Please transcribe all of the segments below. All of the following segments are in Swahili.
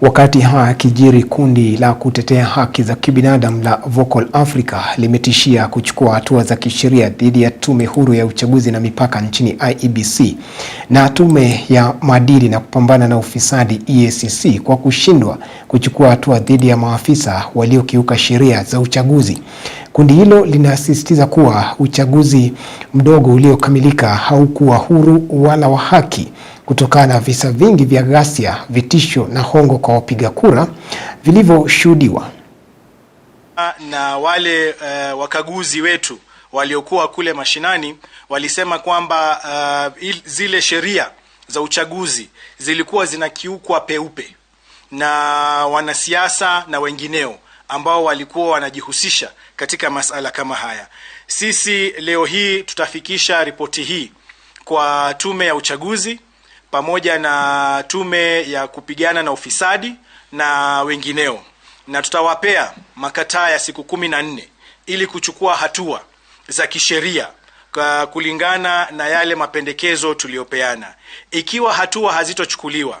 Wakati haya kijiri, kundi la kutetea haki za kibinadamu la Vocal Africa limetishia kuchukua hatua za kisheria dhidi ya Tume Huru ya Uchaguzi na Mipaka nchini IEBC na Tume ya Maadili na Kupambana na Ufisadi EACC kwa kushindwa kuchukua hatua dhidi ya maafisa waliokiuka sheria za uchaguzi. Kundi hilo linasisitiza kuwa uchaguzi mdogo uliokamilika haukuwa huru wala wa haki kutokana na visa vingi vya ghasia, vitisho na hongo kwa wapiga kura vilivyoshuhudiwa na wale uh, wakaguzi wetu waliokuwa kule mashinani walisema kwamba uh, zile sheria za uchaguzi zilikuwa zinakiukwa peupe na wanasiasa na wengineo ambao walikuwa wanajihusisha katika masala kama haya. Sisi leo hii tutafikisha ripoti hii kwa tume ya uchaguzi pamoja na tume ya kupigana na ufisadi na wengineo, na tutawapea makataa ya siku kumi na nne ili kuchukua hatua za kisheria kulingana na yale mapendekezo tuliyopeana. Ikiwa hatua hazitochukuliwa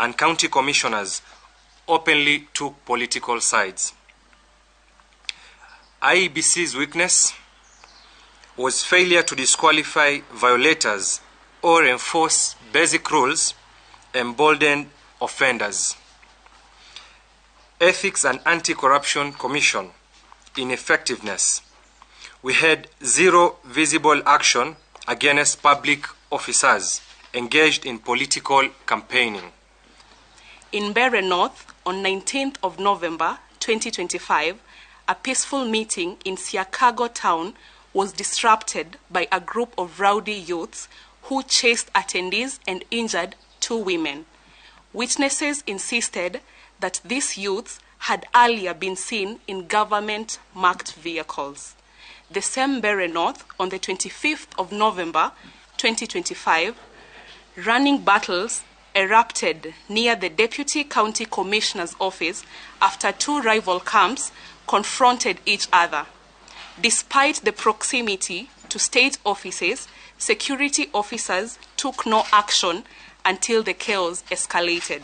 and county commissioners openly took political sides. IEBC's weakness was failure to disqualify violators or enforce basic rules emboldened offenders. Ethics and Anti-Corruption Commission ineffectiveness. We had zero visible action against public officers engaged in political campaigning in Bere North on 19th of November 2025, a peaceful meeting in Siakago town was disrupted by a group of rowdy youths who chased attendees and injured two women. Witnesses insisted that these youths had earlier been seen in government marked vehicles. The same Bere North on the 25th of November 2025, running battles erupted near the Deputy County Commissioner's office after two rival camps confronted each other. Despite the proximity to state offices, security officers took no action until the chaos escalated.